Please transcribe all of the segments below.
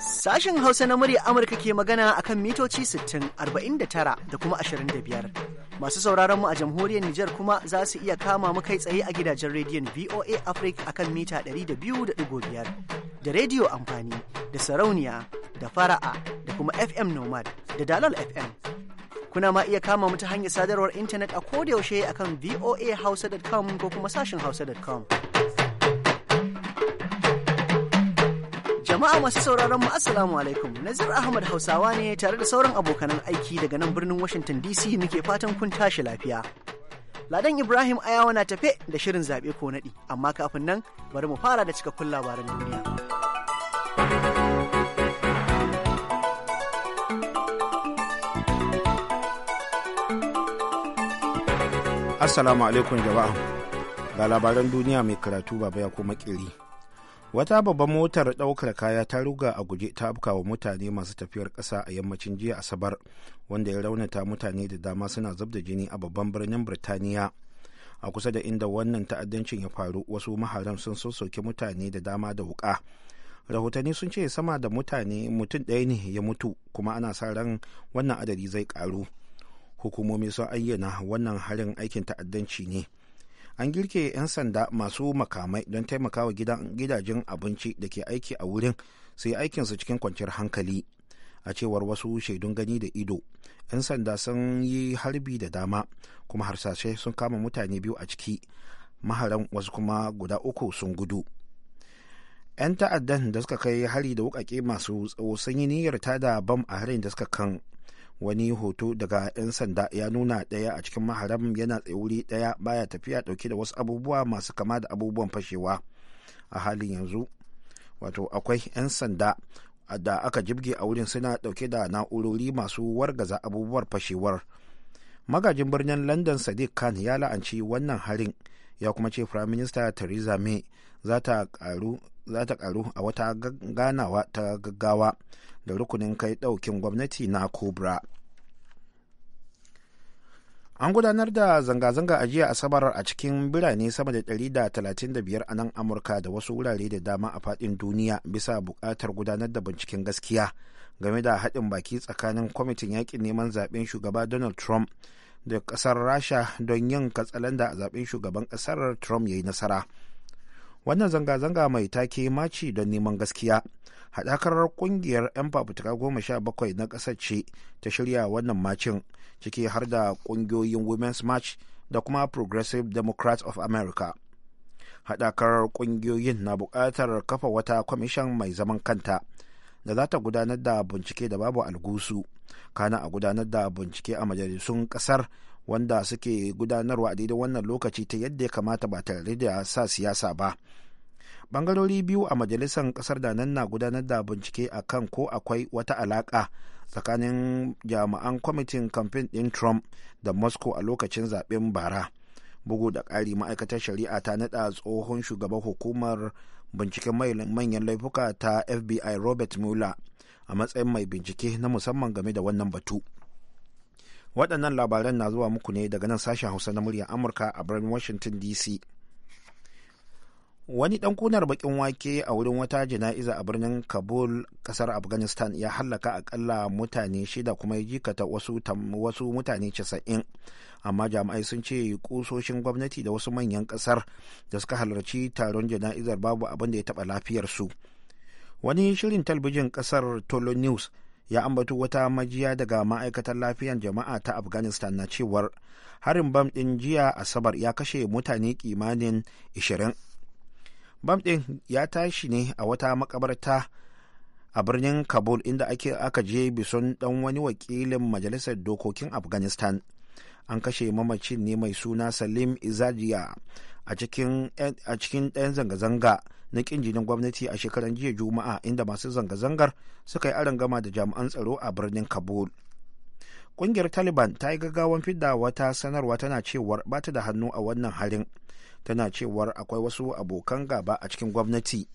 Sashen Hausa na murya Amurka ke magana akan mitoci 60, 49 da kuma 25. Masu sauraron mu a jamhuriyar Nijar kuma za su iya kama mu kai tsaye a gidajen rediyon VOA Africa a kan mita 200.5 da rediyo amfani da sarauniya da fara'a da kuma FM Nomad da Dalal FM. Kuna ma iya kama mu ta hanyar sadarwar intanet a kodayaushe akan voahausa.com ko kuma sashen hausa.com. Jama'a masu sauraron mu Assalamu alaikum. Nazir Ahmad Hausawa ne tare da sauran abokanan aiki daga nan birnin Washington DC muke fatan kun tashi lafiya. Ladan Ibrahim Ayawa na tafe da shirin zaɓe ko naɗi, amma kafin nan bari mu fara da cikakkun labaran duniya. Assalamu alaikum jama'a. Ga labaran duniya mai karatu baba ya kuma kiri. Wata babban motar ɗaukar kaya ta ruga a guje ta wa mutane masu tafiyar ƙasa a yammacin jiya Asabar wanda ya raunata mutane da dama suna zub da jini a babban birnin Birtaniya. A kusa da inda wannan ta'addancin ya faru wasu maharan sun soke mutane da dama da wuka Rahotanni sun ce sama da mutane mutum ɗaya ne ya mutu kuma ana sa ran wannan adadi zai ƙaru. hukumomi sun ayyana wannan harin aikin ta'addanci ne an girke 'yan sanda masu makamai don taimakawa gidajen abinci da ke aiki a wurin sai aikinsu cikin kwanciyar hankali a cewar wasu shaidun gani da ido 'yan sanda sun yi harbi da dama kuma harsashe sun kama mutane biyu a ciki maharan wasu kuma guda uku sun gudu 'yan ta'addan da suka kai hari da wukake masu tsawo sun yi niyyar tada bam a harin da suka kan wani hoto daga 'yan sanda ya nuna ɗaya a cikin maharam yana tsaye wuri ɗaya baya tafiya ɗauke da wasu abubuwa masu kama da abubuwan fashewa a halin yanzu wato akwai 'yan sanda da aka jibge a wurin suna ɗauke da na'urori masu wargaza abubuwar fashewar magajin birnin london sadiq khan ya la'anci wannan harin ya kuma ce firaminista theresa may za ta karu za ta karu a wata ganawa ta gaggawa da rukunin kai daukin gwamnati na kubra. an gudanar da zanga-zanga a jiya asabar a cikin birane sama da 135 a nan amurka da wasu wurare da dama a fadin duniya bisa bukatar gudanar da binciken gaskiya game da haɗin baki tsakanin kwamitin yakin neman zaben shugaba donald trump da ƙasar rasha don yin katsalanda a zaben shugaban ƙasar trump ya yi nasara wannan zanga-zanga mai take maci don neman gaskiya haɗakar ƙungiyar 'yan fafutuka goma sha bakwai na ƙasar ce ta shirya wannan macin ciki har da ƙungiyoyin women's march da kuma progressive democrats of america haɗakar ƙungiyoyin na buƙatar kafa wata kwamishin mai zaman kanta da za ta gudanar da bincike da babu algusu kana a gudanar da bincike a majalisun ƙasar wanda suke gudanarwa a daidai wannan lokaci ta yadda ya kamata ba tare da sa siyasa ba bangarori biyu a majalisar kasar da nan na gudanar da bincike a kan ko akwai wata alaka tsakanin jami'an kwamitin kamfen ɗin trump da moscow a lokacin zaben bara bugu da ƙari ma'aikatar shari'a ta nada tsohon shugaban hukumar binciken manyan laifuka ta fbi robert mueller a matsayin mai bincike na musamman game da wannan batu waɗannan labaran na zuwa muku ne daga nan sashen hausa na muryar amurka a birnin washington dc wani ɗan kunar bakin wake a wurin wata jana'iza a birnin kabul ƙasar afghanistan ya hallaka akalla mutane shida kuma ya jikata wasu, wasu mutane casa'in amma jami'ai sun ce kusoshin gwamnati da wasu manyan ƙasar da suka halarci taron jana'izar babu abin da ya taɓa lafiyarsu wani shirin talbijin ƙasar tolo news ya ambato wata majiya daga ma'aikatar lafiyar jama'a ta afghanistan na cewar harin bam ɗin jiya asabar ya kashe mutane kimanin 20 bam ɗin ya tashi ne a wata makabarta a birnin kabul inda ake aka je bison dan wani wakilin majalisar dokokin afghanistan an kashe mamacin ne mai suna salim izajiya a cikin ɗayan zanga-zanga na ƙin jinin gwamnati a shekaran jiya juma'a inda masu zanga-zangar suka yi arangama da jami'an tsaro a birnin kabul ƙungiyar taliban ta yi gaggawan fidda wata sanarwa tana cewar ba ta da hannu a wannan harin tana cewar akwai wasu abokan gaba a cikin gwamnati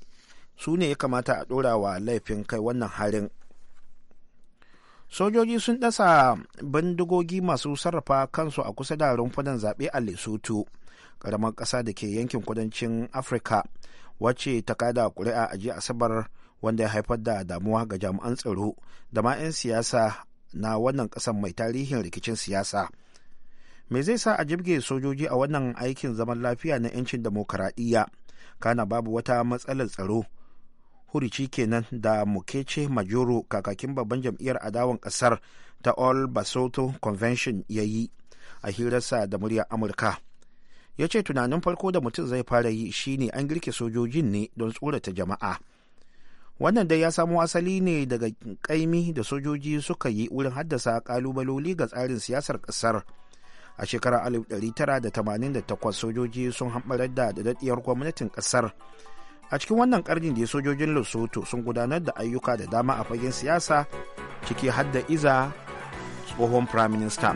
su ne ya kamata a ɗora wa laifin kai wannan harin sojoji sun ɗasa bindigogi masu sarrafa kansu a kusa da rumfunan zaɓe a lesotho karamar ƙasa da ke yankin kudancin afirka wacce ta kada kuri'a a jiya asabar wanda ya haifar da damuwa ga jami'an tsaro da ma 'yan siyasa na wannan ƙasar mai tarihin rikicin siyasa me zai sa a jibge sojoji a wannan aikin zaman lafiya na 'yancin demokaradiyya kana babu wata matsalar tsaro hurici kenan da mukece majoro kakakin babban jam'iyyar adawan ƙasar ta all basotho convention ya yi a hirarsa da muryar amurka ya ce tunanin farko da mutum zai fara yi shine an girke sojojin ne don tsorata jama'a wannan dai ya samo asali ne daga kaimi da sojoji suka yi wurin haddasa kalubaloli ga tsarin siyasar kasar a shekarar 1988 sojoji sun hamɓarar da daɗaɗɗiyar gwamnatin kasar a cikin wannan ƙarni da sojojin lesotho sun gudanar da ayyuka da dama a fagen siyasa ciki hadda da iza tsohon firaminista.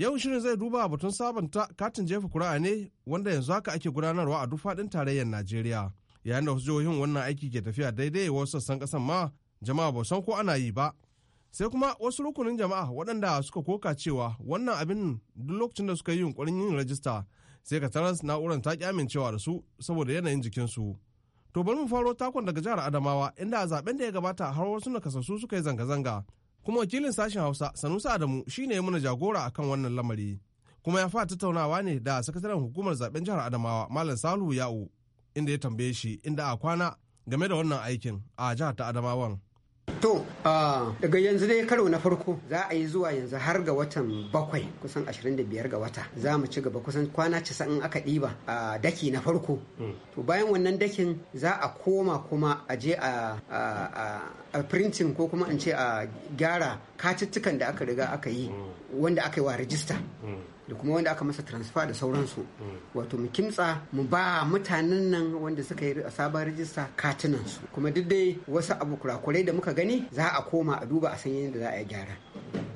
Yau shirin zai duba batun sabanta katin jefa kura'a ne wanda yanzu haka ake gudanarwa a duk faɗin tarayyar Najeriya. Yayin da wasu jihohin wannan aiki ke tafiya daidai wasu sassan ƙasan ma jama'a ba san ko ana yi ba. Sai kuma wasu rukunin jama'a waɗanda suka koka cewa wannan abin duk lokacin da suka yi yunkurin yin rajista sai ka tarar na'urar ta ƙi amincewa da su saboda yanayin jikinsu. To bari mu faro takon daga jihar Adamawa inda a zaben da ya gabata har wasu na kasassu suka yi zanga-zanga kuma wakilin sashen hausa sanusa adamu shine ya muna jagora akan wannan lamari kuma ya fa tattaunawa ne da sakataren hukumar zaben jihar adamawa malam salu ya'u inda ya tambaye shi inda a kwana game da wannan aikin a jihar ta adamawan To, ah, daga yanzu dai karo na farko za a yi zuwa yanzu har ga watan bakwai kusan 25 ga wata za mu ci gaba kusan kwana cisa in aka ɗiba a daki na farko. Hmm. To bayan wannan dakin za a koma kuma a je a printing ko kuma in ce a gyara katittukan da aka riga aka yi hmm. wanda aka yi wa rajista. Hmm. da kuma wanda aka masa transfer da sauransu mm. wato mu kimtsa mu ba mutanen nan wanda suka yi a sabon rijista katunan su kuma duk dai wasu abu kurakurai da muka gani za a koma a duba a san yadda za a yi gyara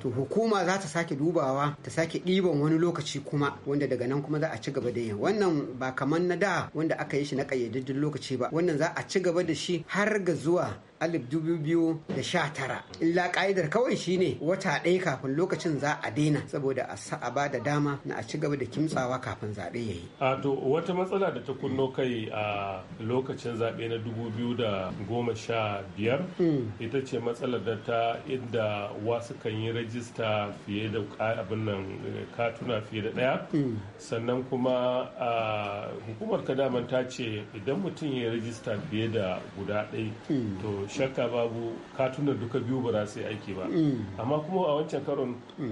to hukuma za ta sake dubawa ta sake ɗiban wani lokaci kuma wanda daga nan kuma za a ci gaba da yin wannan ba kamar na da wanda aka yi shi na ƙayyadaddun lokaci ba wannan za a ci gaba da shi har ga zuwa 2019 illa ka'idar kawai shine wata ɗaya kafin lokacin za a daina saboda a ba da dama na a ci gaba da kimtsawa kafin zaɓe ya yi. a to wata matsala da ta kunno kai a lokacin zaɓe na 2015 hmm. ita ce matsalar da ta inda wasu kan yi rajista fiye da abin nan katuna fiye da ɗaya hmm. sannan kuma hukumar kadaman ta ce idan mutum ya rajista fiye da guda ɗaya hmm. to shakka babu katunan duka biyu ba za su yi aiki ba mm. amma kuma a wancan karon mm.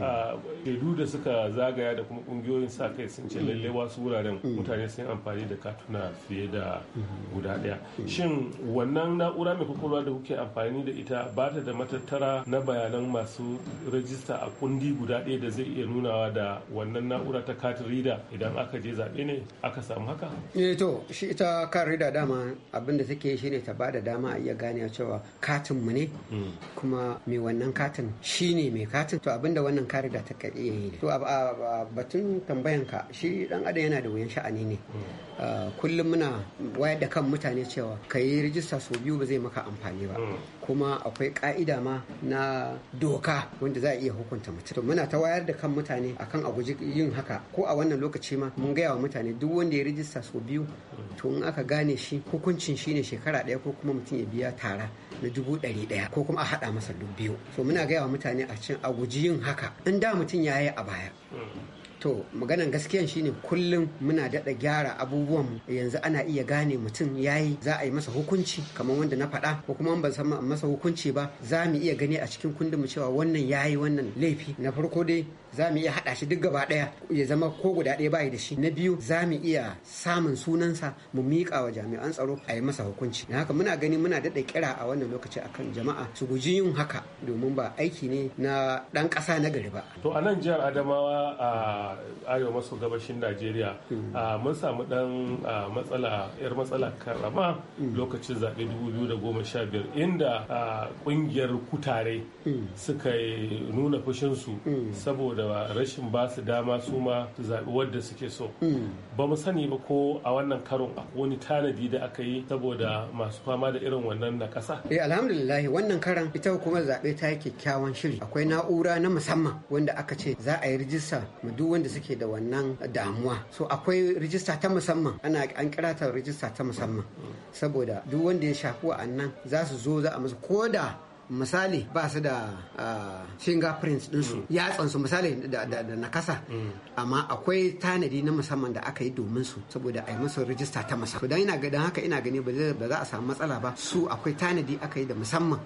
shaidu da suka zagaya da kuma kungiyoyin sa kai sun ce mm. lalle wasu wuraren mutane sun amfani da katuna fiye da mm-hmm. guda daya shin wannan na'ura mai kwakwalwa da kuke amfani da ita ba ta da matattara na bayanan masu rajista a kundi guda ɗaya da zai iya nunawa da wannan na'ura ta katin rida idan aka je zaɓe ne aka samu haka? eh to shi ita kan rida dama abinda take shine ta bada dama a iya gane cewa cewa katin mu ne hmm. kuma mai wannan katin shine mai katin to abinda wannan kare da ta kai yi hmm. to a batun tambayan ka shi dan adam yana da wuyan sha'ani ne hmm. kullum muna wayar da kan mutane cewa ka yi rijista sau biyu ba zai maka amfani ba kuma akwai ka'ida ma na doka wanda za a iya hukunta mutum to muna ta wayar da kan mutane akan a guji yin haka ko a wannan lokaci ma mun gaya wa mutane duk wanda ya rijista sau biyu to in aka gane shi hukuncin shine shekara ɗaya ko kuma mutum ya biya tara na dubu ɗari ɗaya ko kuma a haɗa masa duk biyu so muna gaya wa mutane a cin a guji yin haka in da mutum ya yi a baya to maganan gaskiyan shine kullum muna daɗa gyara abubuwan yanzu ana iya gane mutum ya yi za a yi masa hukunci kamar wanda na faɗa ko kuma ban san masa hukunci ba za mu iya gani a cikin kundin mu cewa wannan ya yi wannan laifi na farko dai za mu iya haɗa shi duk gaba ɗaya ya zama ko guda ɗaya bayi da shi na biyu za mu iya samun sunansa mu miƙa wa jami'an tsaro a yi masa hukunci na haka muna gani muna daɗa kira a wannan lokaci akan jama'a su guji yin haka domin ba aiki ne na ɗan ƙasa na gari ba. to a nan jihar adamawa a arewa maso gabashin najeriya hmm. mun samu ɗan matsala yar matsala karama hmm. lokacin zaɓe 2015 inda ƙungiyar kutare hmm. suka nuna fushinsu saboda saboda rashin ba su dama su ma su zaɓi wadda suke so hmm. ba mu sani ba ko a wannan karon akwai wani tanadi da aka yi saboda masu fama da irin wannan na ƙasa eh alhamdulillah wannan karon ita kuma zaɓe ta yi kyakkyawan shiri akwai na'ura na musamman wanda aka ce za a yi rijista ma duk wanda suke da wannan damuwa so akwai rijista ta musamman ana an kira ta rijista ta musamman hmm. saboda duk wanda ya shafi wa'annan za su zo za a musu koda misali ba su da ah, fingerprints ya mm. yatsansu misali da nakasa mm. amma akwai tanadi na musamman da aka yi domin su saboda a yi musu rijista ta musamman don ina ganin haka ina gani ba za a samu matsala ba su akwai tanadi aka yi da musamman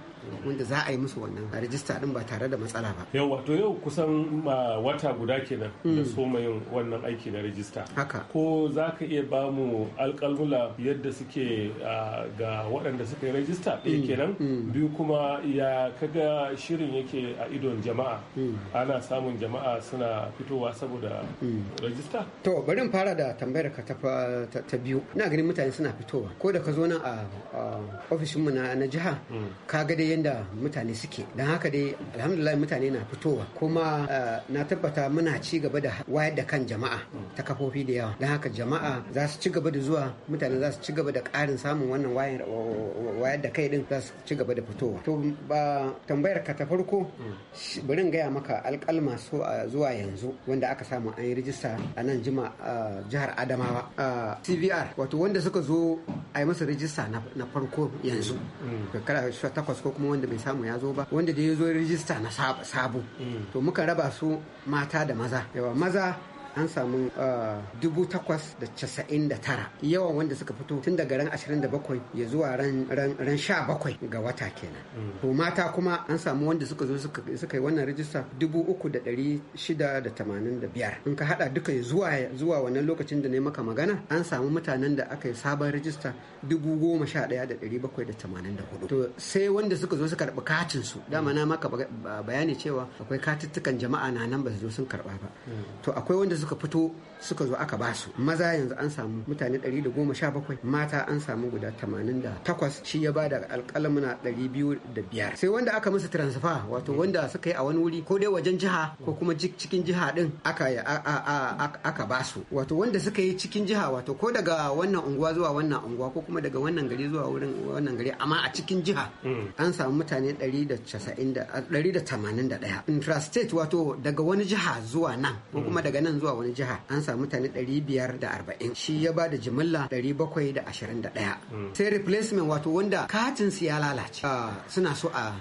wanda za a yi musu wannan rijista din ba tare da matsala ba yau wato yau kusan ah, wata guda kenan mm. da soma yin wannan aiki na rijista haka ko za ka iya ba mu alƙalmula yadda suke ah, ga waɗanda suka yi rijista ɗaya eh, kenan biyu kuma ya kaga shirin yake a idon jama'a hmm. ana samun jama'a suna fitowa saboda hmm. rajista to bari in fara da tambayar ka ta biyu ina ganin mutane suna fitowa ko da ka zo nan a ofishinmu na jiha hmm. ka ga dai yadda mutane suke Dan haka dai alhamdulillah mutane na fitowa kuma na tabbata muna ci gaba da wayar da kan jama'a ta kafofi da yawa Dan haka jama'a za su ci gaba da zuwa mutane za su ci gaba da karin samun wannan wayar da kai din za su ci gaba da fitowa to ba tambayar ka ta farko bari in gaya maka alƙalma so a zuwa yanzu wanda aka samu an yi rijista a nan jima a jihar Adamawa a CVR wato wanda suka zo a yi masa rijista na farko yanzu shekara takwas ko kuma wanda bai samu ya zo ba wanda da ya zo rijista na sabo mm. to muka raba su mata da maza yawa maza an samu ah, dubu takwas da casa'in da tara yawan wanda suka fito tun daga ran ashirin da bakwai ya zuwa ran sha bakwai ga wata kenan mm. to mata kuma an samu wanda suka zo suka yi wannan rijista dubu uku da ɗari shida da tamanin da biyar in ka haɗa duka zuwa zuwa wannan lokacin da na maka magana an samu mutanen da aka yi sabon rijista dubu goma sha ɗaya da ɗari bakwai da tamanin da hudu to sai wanda suka zo suka karɓi katin su dama na maka bayani cewa akwai katuttukan jama'a na nan ba su zo sun karɓa ba mm. to akwai wanda suka fito suka zo aka ba su maza yanzu an samu mutane 117 mata an samu guda 88 shi ya bada alƙalamuna 205 sai wanda aka musu transfer wato wanda suka yi a wani wuri ko dai wajen jiha ko kuma cikin jiha din aka aka ba su wato wanda suka yi cikin jiha wato ko daga wannan unguwa zuwa wannan unguwa ko kuma daga wannan gari zuwa wurin wannan gari amma a cikin jiha mm. an samu mutane 181 intrastate wato daga wani jiha zuwa nan ko kuma daga nan zuwa wani jiha an samu mutane 540 shi ya ba da jimilla 721 mm. sai replacement wato wanda katin su ya lalace ah, suna so a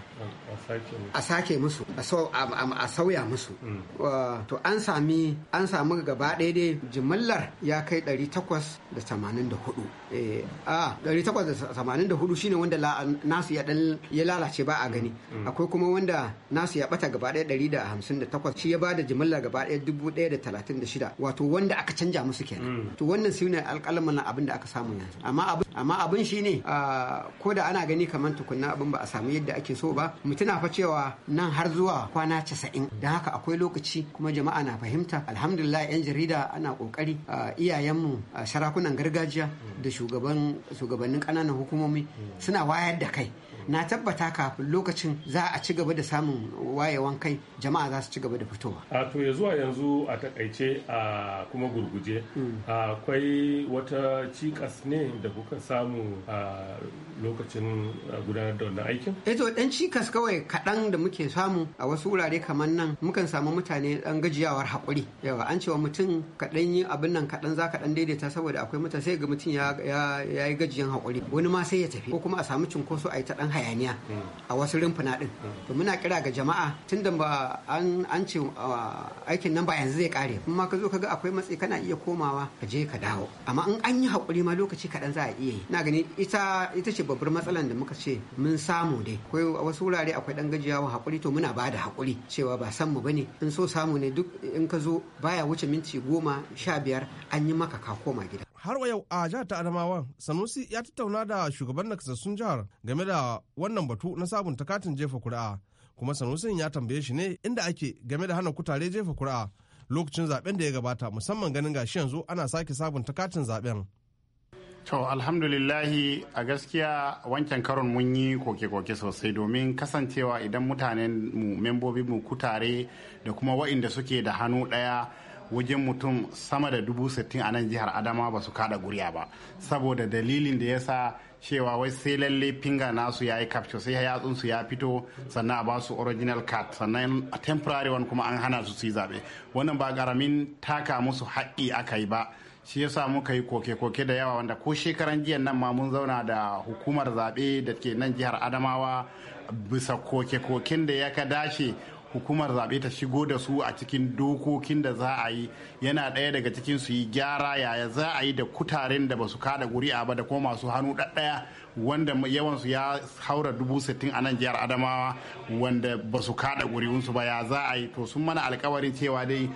a sake musu a sauya musu hmm. to an sami an samu gaba ɗaya dai jimillar ya kai 884 eh, a 884 shine wanda nasu ya dan ya lalace ba a gani hmm. akwai kuma wanda nasu ya bata gaba ɗaya 158 shi ya bada jimillar gaba ɗaya 1036 wato wanda aka canja musu kenan hmm. to wannan su ne alƙalamin abin da aka samu yanzu amma abin shine ko da ana gani kamar tukunna abin ba a samu yadda ake so ba mutuna mu fa cewa nan har zuwa kwana casa'in don haka akwai lokaci kuma jama'a na fahimta alhamdulillah yan jarida ana kokari iyayenmu sarakunan gargajiya da shugabannin ƙananan hukumomi suna wayar da kai na tabbata kafin lokacin za a ci gaba da samun wayewan kai jama'a za su ci gaba da fitowa a to ya zuwa yanzu a takaice a kuma gurguje hmm. akwai wata cikas ne da kuka samu a lokacin gudanar da wannan aikin eh to dan cikas kawai kaɗan da muke samu a wasu wurare kamar nan mukan samu mutane dan gajiyawar haƙuri yawa an cewa mutum kaɗan yi abin nan kaɗan za kaɗan daidaita saboda akwai mutane sai ga mutum ya yi gajiyan haƙuri wani ma sai ya tafi ko kuma a samu cunkoso a yi ta ɗan hayaniya mm. a wasu rumfuna din mm. to muna kira ga jama'a tun ba an ce uh, aikin nan ba yanzu zai kare kuma ka zo ka ga akwai matsi kana iya komawa ka je ka dawo amma in an yi hakuri ma lokaci kaɗan za a iya yi na gani ita ita ce babbar matsalar da muka ce mun samu dai akwai wasu wurare akwai dan gajiyawa hakuri to muna bada hakuri cewa ba san mu bane in so samu ne duk in ka zo baya wuce minti goma sha biyar an yi maka ka koma gida har wa yau a jihar ta adamawa sanusi ya tattauna da shugaban nakasassun jihar game da wannan batu na sabunta katin jefa kuri'a kuma sanusin ya tambaye shi ne inda ake game da hana kutare jefa kuri'a lokacin zaben da ya gabata musamman ganin gashi yanzu ana sake sabunta katin zaben To alhamdulillahi a gaskiya wancan karon mun yi koke-koke sosai domin kasancewa idan mutanen mu membobin mu kutare da kuma wa'inda suke da hannu ɗaya wajen mutum sama da dubu sittin a nan jihar adama ba su kada guriya ba saboda dalilin da ya sa cewa wai sai lalle finga nasu ya yi capture sai hayatsun su ya fito sannan a ba su original card sannan a temporary one kuma an hana su su yi zaɓe wannan ba karamin taka musu haƙƙi aka yi ba shi yasa muka yi koke-koke da yawa wanda ko shekaran jiya nan ma mun zauna da hukumar zaɓe da ke nan jihar adamawa bisa koke-koken da ya ka dace hukumar zaɓe ta shigo da su a cikin dokokin da za a yi yana ɗaya daga cikin su yi gyara yaya za a yi da kutaren da ba su kada ƙuri'a ba da kuma masu hannu ɗaya wanda yawansu ya haura dubu sittin a nan jihar adamawa wanda ba su kada ƙuri'unsu ba ya za a yi to sun mana alkawarin cewa dai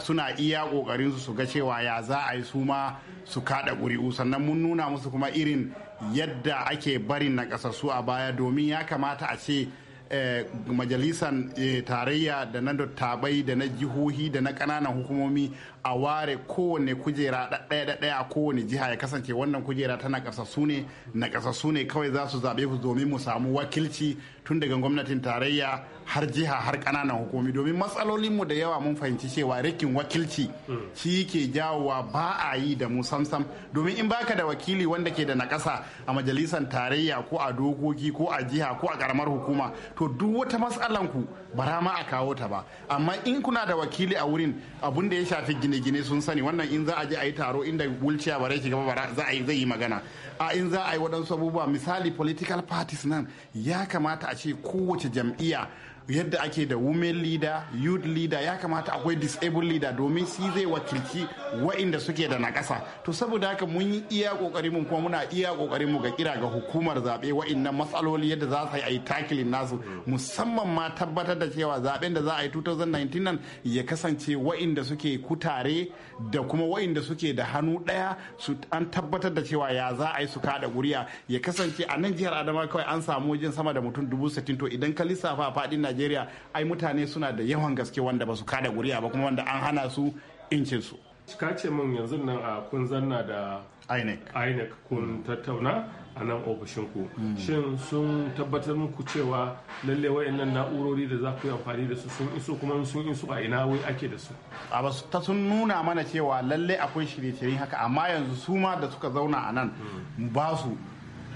suna iya ƙoƙarinsu su ga cewa ya za a yi su ma su kada ƙuri'u sannan mun nuna musu kuma irin yadda ake barin na ƙasasu a baya domin ya kamata a ce Eh, majalisan eh, tarayya da na dattabai da na jihohi da na ƙananan hukumomi a ware kowane kujera ɗaya ɗaya a kowane jiha ya kasance wannan kujera tana kasassu ne na kasassu ne kawai za su zaɓe ku domin mu samu wakilci tun daga gwamnatin tarayya har jiha har ƙananan hukumi domin matsalolinmu da yawa mun fahimci cewa rikin wakilci shi ke jawowa ba a yi da mu samsam domin in baka da wakili wanda ke da nakasa a majalisar tarayya ko a dokoki ko a jiha ko a karamar hukuma to duk wata matsalanku ba ma a kawo ta ba amma in kuna da wakili a wurin abun da ya shafi gine-gine sun sani wannan in za a je a yi taro inda wulciya ba rai gaba ba za a yi zai yi magana a in za a yi waɗansu abubuwa misali political parties nan ya kamata a ce kowace jam'iyya yadda ake da women leader youth leader ya kamata akwai disabled leader domin si zai wakilci wa'inda suke da nakasa to saboda haka mun yi iya kokarin mu kuma muna iya kokarin mu ga kira ga hukumar zabe wa'innan matsaloli yadda za su yi tackling nasu musamman ma tabbatar da cewa zaben da za a yi 2019 nan ya kasance wa'inda suke kutare da kuma wa'inda suke da hannu daya su an tabbatar da cewa ya za a yi su kada kuriya ya kasance a nan jihar adama kawai an samu wajen sama da mutum dubu sittin to idan ka lissafa a fadin najeriya ai mutane suna da yawan gaske wanda ba su kada guriya ba kuma wanda an hana su incinsu cika ce min yanzu nan a kun zanna da inec inec kun mm. tattauna a nan ku mm. shin sun tabbatar muku cewa lalle wayannan na'urori da za ku yi amfani da su sun iso kuma sun iso a ina wai ake da su a ba ta sun nuna mana cewa lalle akwai shirye-shirye haka amma yanzu su ma da suka zauna a nan mm. ba su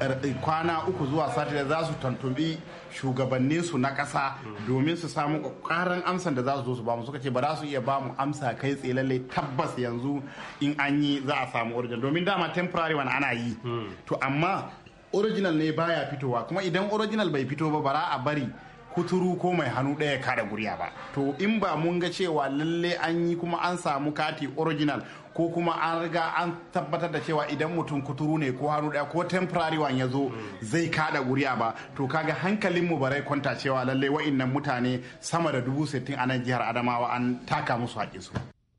er, kwana uku zuwa sati da za su tantubi shugabannin su na ƙasa domin su samu ƙaran amsan da za su zo su bamu suka ce ba za su iya bamu amsa kai tsaye lallai tabbas yanzu in an yi za a samu original domin dama temporary wani ana yi hmm. to amma original ne baya fitowa kuma idan original bai fito ba bara a bari kuturu ko mai hannu ɗaya kada guriya ba to in ba mun ga cewa lalle an yi kuma an samu kati original ko kuma an riga an tabbatar da cewa idan mutum kuturu ne ko hannu daya ko temporary one ya zo zai kada guriya ba to kaga hankalin mu barai kwanta cewa lallai wa'innan mutane sama da dubu sittin a nan jihar adamawa an taka musu su.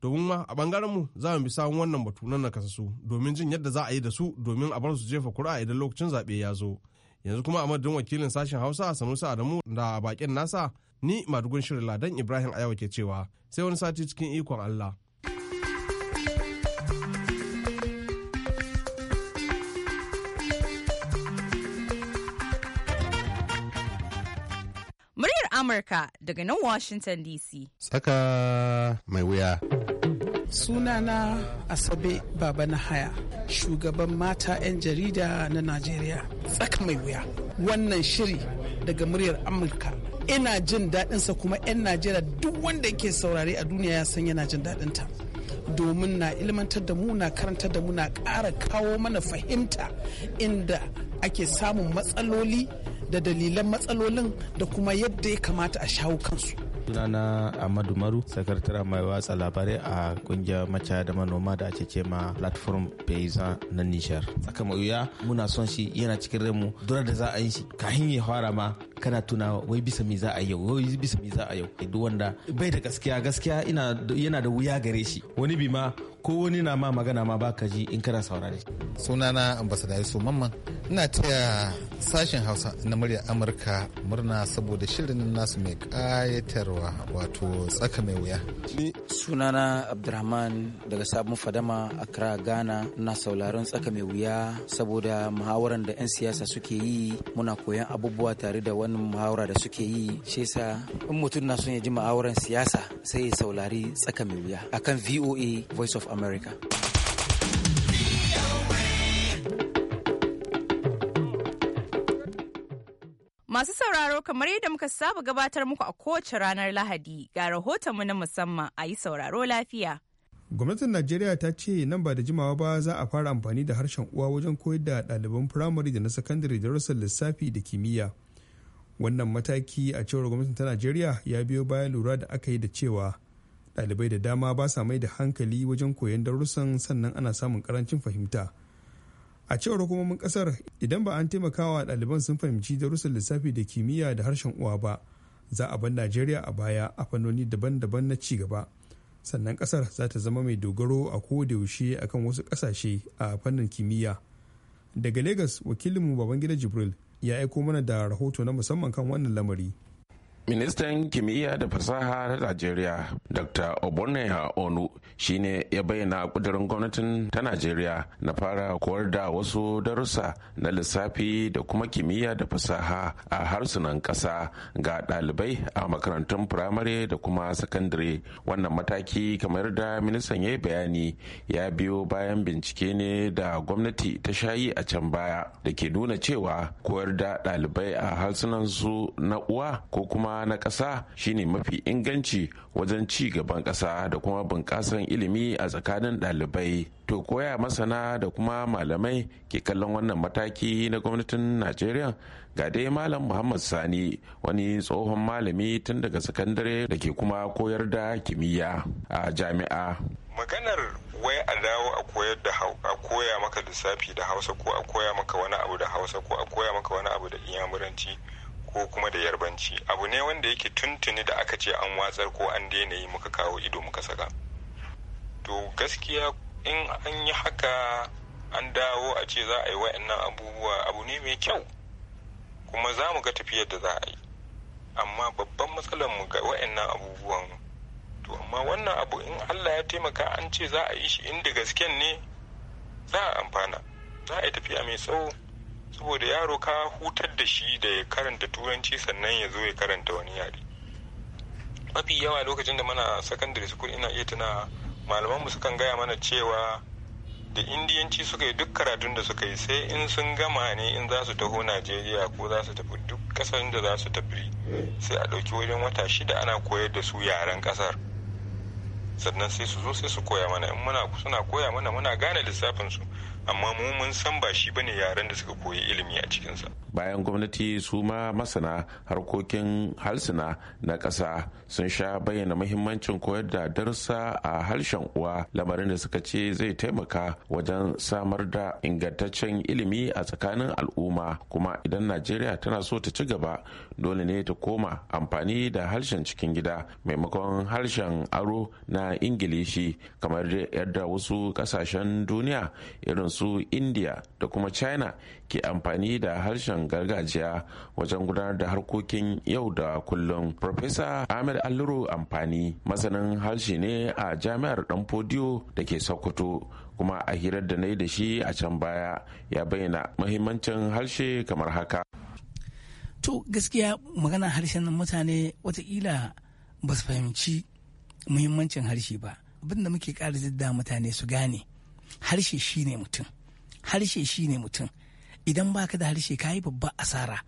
domin ma a bangaren mu za mu bi sawun wannan batu na nakasassu domin jin yadda za a yi da su domin a bar su jefa kuri'a idan lokacin zaɓe ya zo yanzu kuma a madadin wakilin sashen hausa sanusi adamu da bakin nasa ni madugun shirin ladan ibrahim ayawa ke cewa sai wani sati cikin ikon allah Amurka daga nan Washington DC. Tsaka mai wuya. Sunana Asabe Baba Nahaya, shugaban mata 'yan jarida na Najeriya. Tsaka mai wuya. Wannan shiri daga muryar Amurka. Ina jin daɗinsa kuma 'yan Najeriya duk wanda ke saurare a duniya ya san yana jin daɗinta. domin na ilmantar da mu na karantar da mu na ƙara kawo mana fahimta inda ake samun matsaloli da dalilan matsalolin da kuma yadda ya kamata a shawo kansu sunana Amadu Maru, sakataren mai watsa labarai a kungiyar macaya da manoma da ake ce ma platform paysan na Nishar. tsaka mai wuya muna son shi yana cikin remu dura da za a yi shi kahin ya fara ma kana tuna wai bisa mi za a yau wai bisa mi za a yau duk wanda bai da gaskiya gaskiya yana da wuya gare shi wani bi ma ko wani na ma magana ma baka ji in kana saurare. Sunana ambassador Yusuf Mamman ina taya sashen hausa na murya amurka murna saboda shirin nasu mai kayatarwa wato tsaka mai wuya sunana abdurrahman daga sabon fadama a accra ghana na sauraron tsaka mai wuya saboda muhawaran da 'yan siyasa suke yi muna koyan abubuwa tare da wani muhawara da suke yi shi yasa in mutum na son ya ji muhawaran siyasa sai ya saurari tsaka mai wuya akan voa voice of america Masu sauraro kamar yadda muka saba gabatar muku a kowace ranar Lahadi ga mu na musamman a yi sauraro lafiya. Gwamnatin Najeriya ta ce nan ba da jimawa ba za a fara amfani da harshen uwa wajen koyar da ɗaliban firamare da na sakandare darussan lissafi da kimiyya. Wannan mataki a cewar gwamnatin ta Najeriya ya biyo bayan lura da aka yi da cewa ɗalibai da dama ba sa mai da hankali wajen koyon darussan sannan ana samun karancin fahimta. a cewar hukumomin kasar idan ba an taimakawa ɗaliban sun fahimci darussan lissafi da kimiyya da harshen uwa ba za a bar najeriya a baya a fannoni daban-daban na ci gaba sannan kasar za ta zama mai dogaro a ko kodayaushe akan wasu ƙasashe a fannin kimiyya daga lagos wakilinmu babangida jibril ya aiko mana da rahoto na musamman kan wannan lamari ministan kimiyya da fasaha na najeriya dr ya onu shine ya bayyana kudurin gwamnatin ta najeriya na fara koyar da wasu darussa na lissafi da kuma kimiyya da fasaha a harsunan ƙasa ga ɗalibai a makarantun firamare da kuma sakandare wannan mataki kamar da ministan ya yi bayani ya biyo bayan bincike ne da gwamnati ta shayi a can baya da ke nuna cewa koyar da ɗalibai a harsunan su na uwa ko kuma na ƙasa shine mafi inganci wajen ci gaban ƙasa da kuma bunƙasar ilimi a tsakanin ɗalibai to koya masana da kuma malamai ke kallon wannan mataki na gwamnatin najeriya ga dai malam muhammad sani wani tsohon malami tun daga sakandare da ke kuma koyar da kimiyya a jami'a maganar wai a dawo a koyar da a koya maka lissafi da hausa ko a koya maka wani abu da hausa ko a koya maka wani abu da inyamuranci ko kuma da yarbanci abu ne wanda yake tuntuni da aka ce an watsar ko an daina yi muka kawo ido muka saka to gaskiya in an yi haka an dawo a ce za a yi wa'annan abubuwa abu ne mai kyau kuma za mu ga tafiyar da za a yi amma babban matsalar mu ga wa'annan abubuwan to amma wannan abu in Allah ya taimaka an ce za a yi shi inda gasken ne za a amfana za a yi tafiya mai tsawo saboda yaro ka hutar da shi da ya karanta turanci sannan ya zo ya karanta wani yare mafi yawa lokacin da mana secondary school ina iya tuna mu sukan gaya mana cewa da indiyanci suka yi duk karatun da suka yi sai in sun gama ne in za su taho najeriya ko za su tafi duk kasar da za su tafi sai a ɗauki wajen wata shida ana koyar da su yaren kasar sannan sai su zo sai su koya mana in muna suna koya mana muna gane lissafin su amma mu mun san ba shi bane yaren da suka koyi ilimi a cikinsa bayan gwamnati su ma masana harkokin halsuna na ƙasa sun sha bayyana mahimmancin koyar da darussa a harshen uwa lamarin da suka ce zai taimaka wajen samar da ingantaccen ilimi a tsakanin al'umma kuma idan najeriya tana so ta ci gaba dole ne ta koma amfani da harshen cikin gida maimakon harshen aro na ingilishi kamar yadda wasu ƙasashen duniya irin su indiya da kuma china ke amfani da harshen gargajiya wajen gudanar da harkokin yau da kullum profesa ahmed alluru amfani masanin harshe ne a jami'ar dan fodiyo da ke sokoto kuma a hirar da na yi da shi a can baya ya bayyana mahimmancin harshe kamar haka to gaskiya magana harshen mutane watakila ba su fahimci muhimmancin harshe ba abinda muke ƙara zidda mutane su gane harshe shi ne mutum harshe shi ne mutum idan baka da harshe ka yi babba asara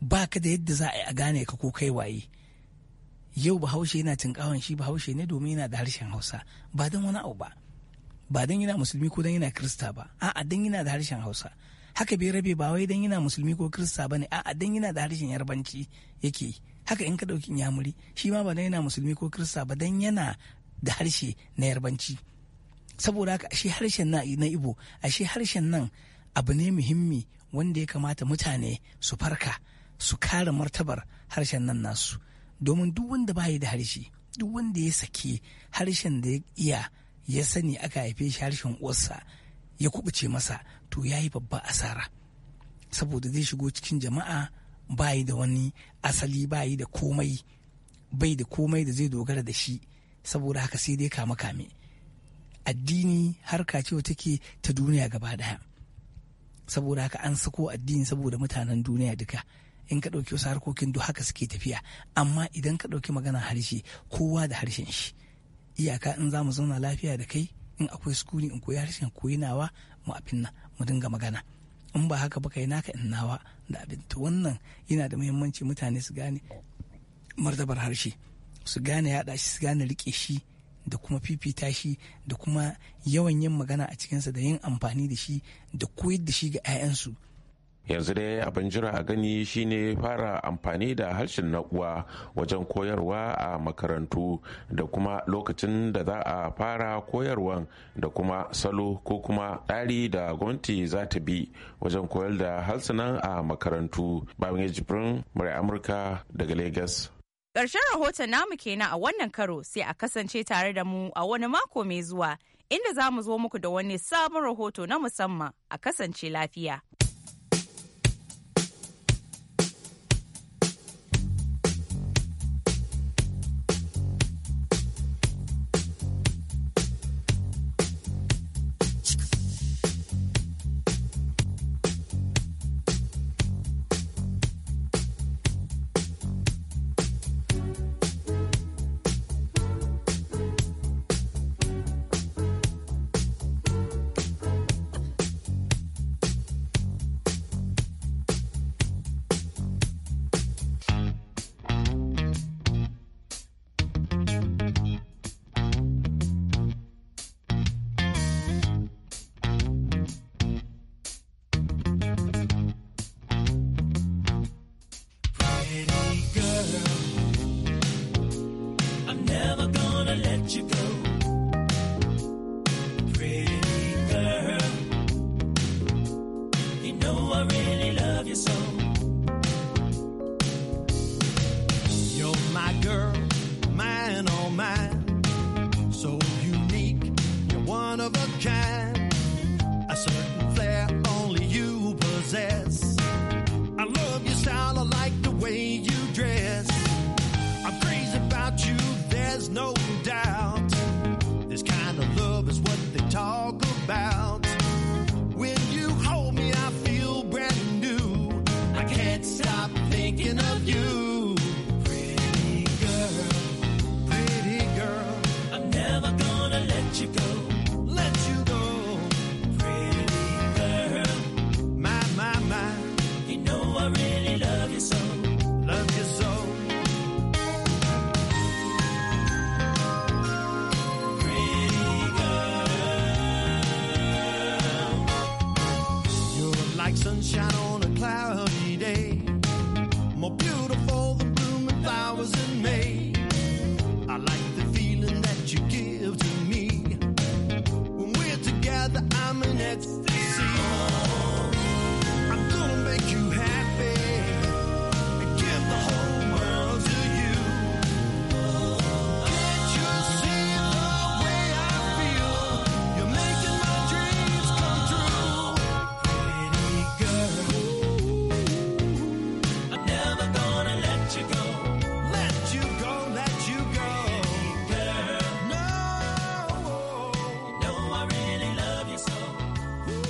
baka da yadda za a yi a gane ka ko kai waye yau bahaushe yana tinkawan shi bahaushe ne domin yana da harshen hausa ba don wani abu ba ba don yana musulmi ko don yana krista ba a'a don yana da harshen hausa haka bai rabe ba wai don yana musulmi ko krista ba ne a'a don yana da harshen yarbanci yake yi haka in ka ɗauki yamuri shi ma ba don yana musulmi ko kirista ba don yana da harshe na yarbanci saboda haka ashe harshen na ibo ashe harshen nan abu ne muhimmi wanda ya kamata mutane su farka su kare martabar harshen nan nasu domin duk wanda ba da harshe duk wanda ya sake harshen da ya iya ya sani aka haife shi harshen uwarsa ya kubuce masa to ya yi babba asara saboda zai shigo cikin jama'a ba da wani asali ba da komai bai da komai da zai dogara da shi saboda haka sai dai kame kame addini harka ce take ta duniya gaba daya saboda haka an sako addini saboda mutanen duniya duka in ka ɗauki wasu harkokin duk haka suke tafiya amma idan ka ɗauki magana harshe kowa da harshen shi iyaka in za mu zauna lafiya da kai in akwai sukuni in koyi harshen koyi nawa mu abin nan mu dinga magana in ba haka ba kai naka in nawa da abin to wannan yana da muhimmanci mutane su gane martabar harshe su gane yaɗa shi su gane rike shi da kuma fifita shi da kuma yawan yin magana a cikinsa da yin amfani da shi da koyar da shi ga 'ya'yansu yanzu dai abin jira a gani shine fara amfani da harshen na uwa wajen koyarwa a makarantu da kuma lokacin da za a fara koyarwan da kuma salo ko kuma tsari da gwamnati za ta bi wajen koyar da harsunan a makarantu babin jibrin murai amurka daga lagos Ƙarshen rahoton namu kenan a wannan karo sai a kasance tare da mu a wani mako mai zuwa inda za mu zo muku da wani sabon rahoto na musamman a kasance lafiya. Pretty girl.